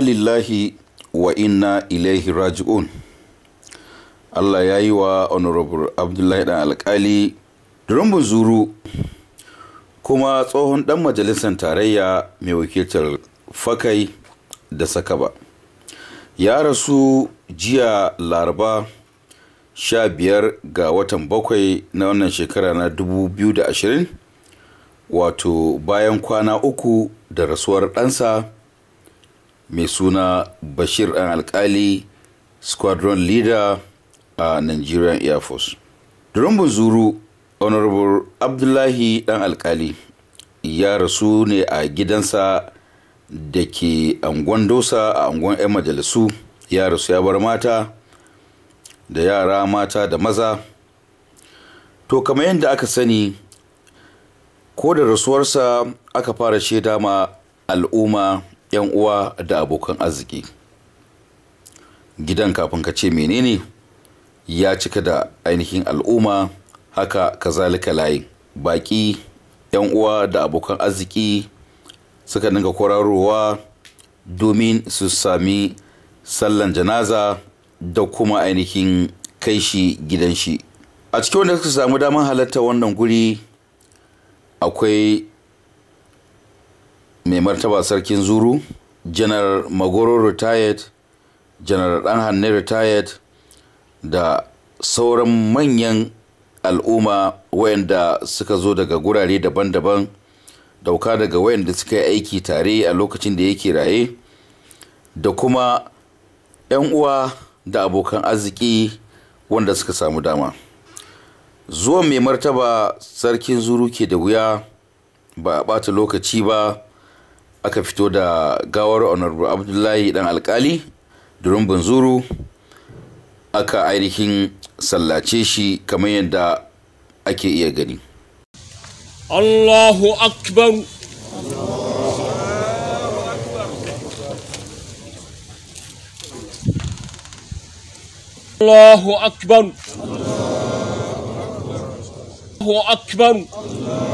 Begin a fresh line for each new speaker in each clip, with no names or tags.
lillahi wa inna ilaihi raji'un Allah ya yi wa honorable abdullahi dan alkali rumbun zuru kuma tsohon dan majalisar tarayya mai wakiltar fakai da ba ya rasu jiya laraba sha biyar ga watan bakwai na wannan shekara na 2020 wato bayan kwana uku da rasuwar ɗansa mai suna bashir an alkali squadron leader a nigerian air force durumbun zuru honorable abdullahi dan alkali ya rasu ne a gidansa da ke angon dosa a angon 'yan majalisu ya rasu ya bar mata da yara mata da maza to kamar yadda aka sani ko da rasuwarsa aka fara shaida ma al'umma 'yan uwa da abokan arziki gidan kafin ka ce menene ya cika da ainihin al'umma haka ka zalika layi. baƙi 'yan uwa da abokan arziki suka dinga kwararowa domin su sami sallan janaza da kuma ainihin kai shi gidan shi a cikin wanda suka samu damar halatta wannan guri akwai mai martaba sarkin zuru janar magoro retired janar dan hannu retired da sauran manyan al'umma wayanda suka zo daga gurare daban-daban dauka daga wayanda suka yi aiki tare a lokacin da yake raye da kuma 'yan uwa da abokan arziki wanda suka samu dama zuwan mai martaba sarkin zuru ke da wuya ba a ɓata lokaci ba aka fito da gawar honorable abdullahi dan alkali durin aka ainihin sallace shi kamar yadda ake iya gani allahu akbar allahu akbar allahu akbar, allahu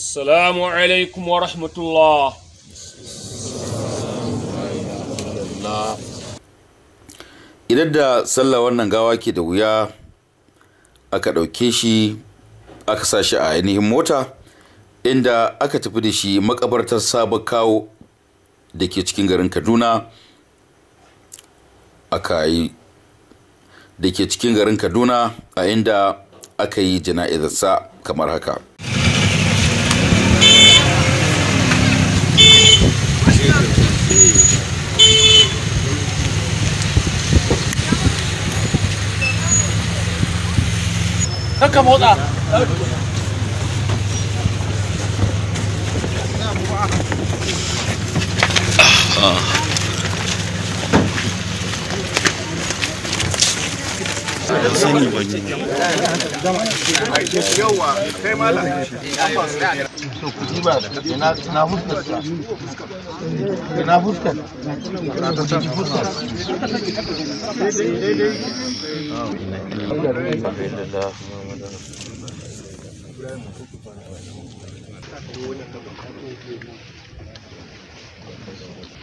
assalamu alaikum wa rahmatullah idan da sallah wannan gawa ke da wuya aka ɗauke shi aka sa shi a ainihin mota inda aka tafi da shi makabartar sabon kawo da ke cikin garin kaduna aka yi da ke cikin garin kaduna a inda aka yi jana'izarsa kamar haka 那干嘛子，啊。ban sani ba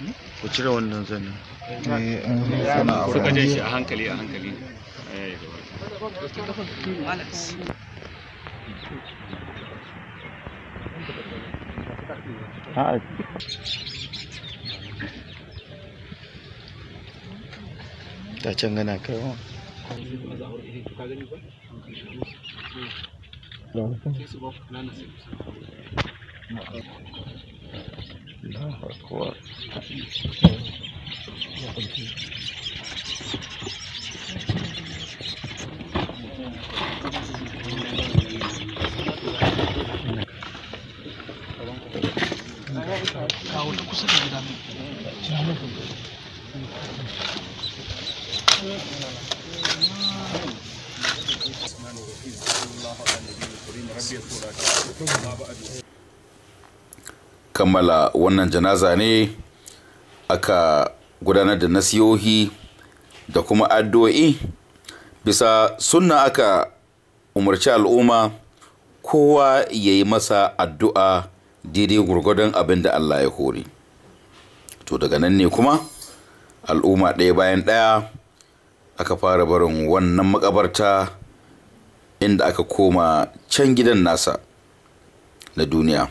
ne ku cire wannan zanen eh, suka je shi a hankali a hankali Hai. Dah cengeng nak ke? Dah. Dah. Dah. Dah. kawo kammala wannan janaza ne aka gudanar da nasiyohi da kuma addu'o'i bisa sunna aka umarci al'umma kowa ya yi masa addu'a daidai gurgudun abin da Allah ya hore to daga nan ne kuma al'umma ɗaya bayan ɗaya aka fara barin wannan makabarta inda aka koma can gidan nasa na duniya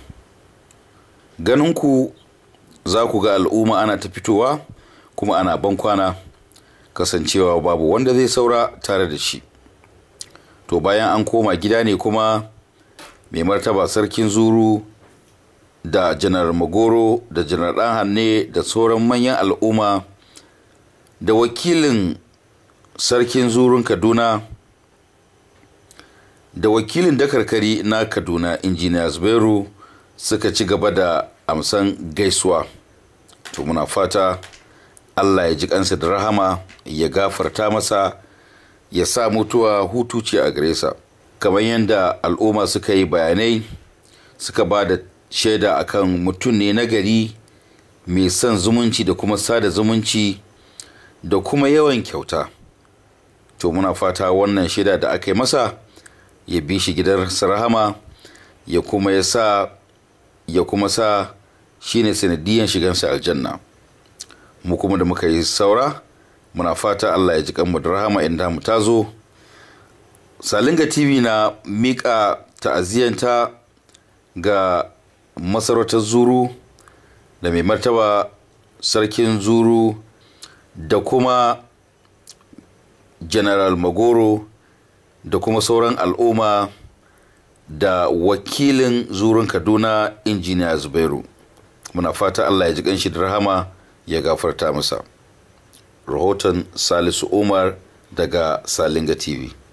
ganinku za ku ga al'umma ana ta fitowa kuma ana bankwana kasancewa babu wanda zai saura tare da shi to bayan an koma gida ne kuma mai martaba sarkin zuru da janar magoro da janar hanne da sauran manyan al'umma da wakilin sarkin zurun kaduna da wakilin dakarkari na kaduna injiniya zubairu suka ci gaba da amsan gaisuwa to muna fata allah ya ji kansa da rahama ya gafarta masa ya sa mutuwa hutu ce a gare sa kamar yadda al'umma suka yi bayanai suka ba da shaida akan mutum ne na gari mai son zumunci da kuma sada zumunci da kuma yawan kyauta to muna fata wannan shaida da aka yi masa ya bi shi gidan sarahama ya kuma ya sa ya kuma sa shine sanadiyan shigansa aljanna mu kuma da muka yi saura muna fata Allah ya ji kanmu da rahama inda mu tazo salinga tv na mika ta'aziyanta ga masarautar zuru da mai martaba sarkin zuru da kuma general magoro da kuma sauran al'umma da wakilin zurun kaduna injiniya zubairu muna fata allah ya ji kanshi da rahama ya gafarta masa rahoton salisu umar daga salinga tv